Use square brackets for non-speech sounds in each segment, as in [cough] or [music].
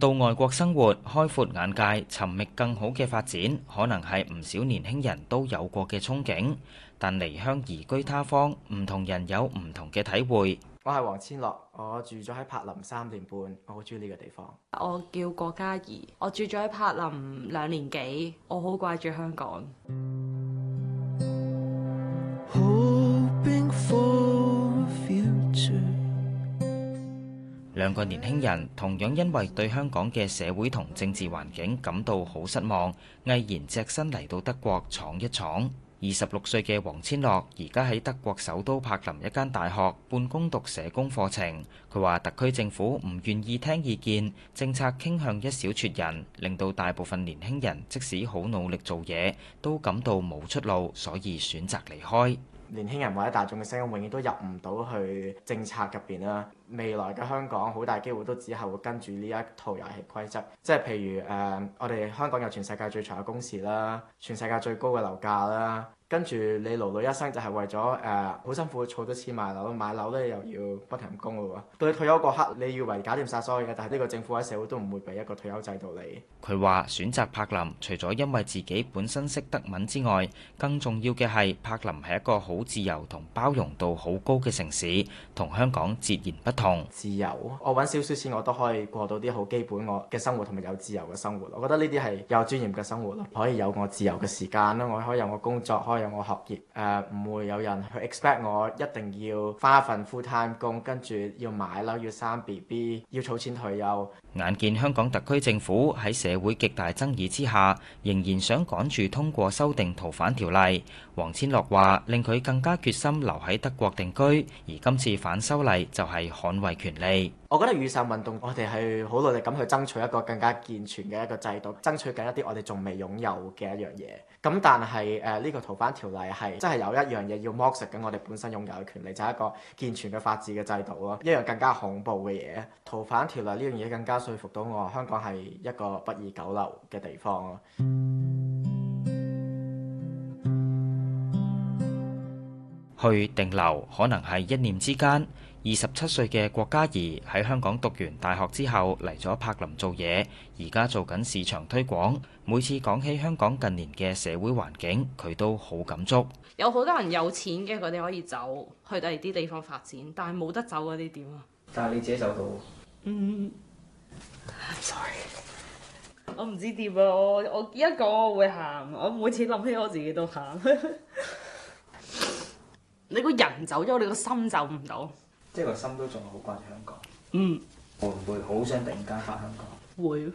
到外國生活、開闊眼界、尋覓更好嘅發展，可能係唔少年輕人都有過嘅憧憬。但離鄉移居他方，唔同人有唔同嘅體會。我係黃千樂，我住咗喺柏林三年半，我好中意呢個地方。我叫郭嘉怡，我住咗喺柏林兩年幾，我好掛住香港。兩個年輕人同樣因為對香港嘅社會同政治環境感到好失望，毅然隻身嚟到德國闖一闖。二十六歲嘅黃千樂而家喺德國首都柏林一間大學半工讀社工課程。佢話：特區政府唔願意聽意見，政策傾向一小撮人，令到大部分年輕人即使好努力做嘢，都感到冇出路，所以選擇離開。年輕人或者大眾嘅聲音永遠都入唔到去政策入邊啦。未來嘅香港好大機會都只係會跟住呢一套遊戲規則，即係譬如誒、呃，我哋香港有全世界最長嘅工時啦，全世界最高嘅樓價啦，跟住你勞累一生就係為咗誒，好、呃、辛苦儲咗錢買樓，買樓咧又要不停供咯喎，到你退休嗰刻你以為搞掂晒所有嘅，但係呢個政府喺社會都唔會俾一個退休制度你。佢話選擇柏林，除咗因為自己本身識德文之外，更重要嘅係柏林係一個好自由同包容度好高嘅城市，同香港截然不。同自由，我揾少少錢，我都可以過到啲好基本我嘅生活，同埋有自由嘅生活。我覺得呢啲係有尊嚴嘅生活，可以有我自由嘅時間啦，我可以有我工作，可以有我學業，誒唔會有人去 expect 我一定要返一份 fulltime 工，跟住要買樓，要生 BB，要儲錢退休。眼見香港特區政府喺社會極大爭議之下，仍然想趕住通過修訂逃犯條例，黃千樂話令佢更加決心留喺德國定居，而今次反修例就係可捍衛權利，我覺得雨傘運動，我哋係好努力咁去爭取一個更加健全嘅一個制度，爭取緊一啲我哋仲未擁有嘅一樣嘢。咁但係誒，呢個逃犯條例係真係有一樣嘢要剝削緊我哋本身擁有嘅權利，就係、是、一個健全嘅法治嘅制度咯。一樣更加恐怖嘅嘢，逃犯條例呢樣嘢更加說服到我，香港係一個不宜久留嘅地方咯。去定留可能係一念之間。二十七歲嘅郭嘉怡喺香港讀完大學之後嚟咗柏林做嘢，而家做緊市場推廣。每次講起香港近年嘅社會環境，佢都好感觸。有好多人有錢嘅，佢哋可以走去第二啲地方發展，但係冇得走嗰啲點啊？但係你自己走唔到。嗯，sorry，我唔知點啊！我我，我一講我會喊，我每次諗起我自己都喊。 [laughs] 你個人走咗，你個心走唔到。即係心都仲好掛住香港，嗯，會唔會好想突然間翻香港？會，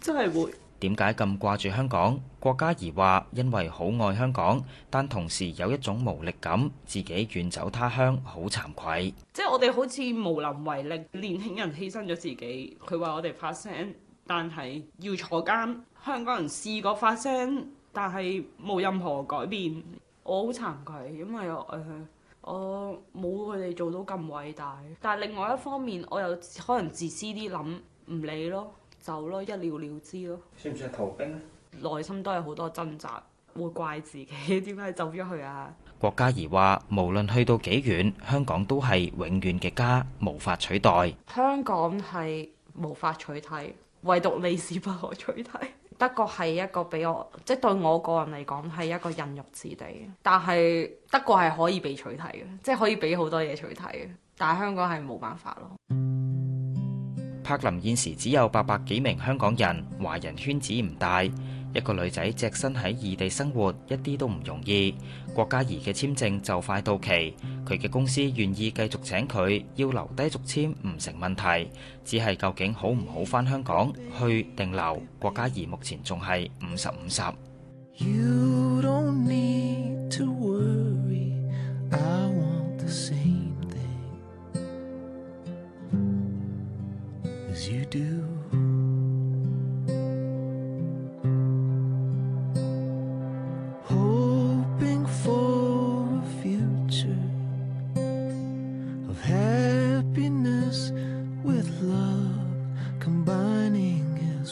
真係會。點解咁掛住香港？郭嘉儀話因為好愛香港，但同時有一種無力感，自己遠走他鄉好慚愧。即係我哋好似無能為力，年輕人犧牲咗自己。佢話我哋發聲，但係要坐監。香港人試過發聲，但係冇任何改變。我好慚愧，因為我誒。呃我冇佢哋做到咁偉大，但係另外一方面，我又可能自私啲諗，唔理咯，走咯，一了了之咯。算唔算逃兵呢？內心都係好多掙扎，會怪自己點解走咗去啊？郭嘉怡話：無論去到幾遠，香港都係永遠嘅家，無法取代。香港係無法取代，唯獨你是不可取代。德國係一個俾我，即係對我個人嚟講係一個孕育之地，但係德國係可以被取締嘅，即係可以俾好多嘢取締嘅，但係香港係冇辦法咯。柏林現時只有八百幾名香港人，華人圈子唔大。一個女仔隻身喺異地生活，一啲都唔容易。郭嘉怡嘅簽證就快到期，佢嘅公司願意繼續請佢，要留低續簽唔成問題，只係究竟好唔好返香港去定留？郭嘉怡目前仲係五十五十。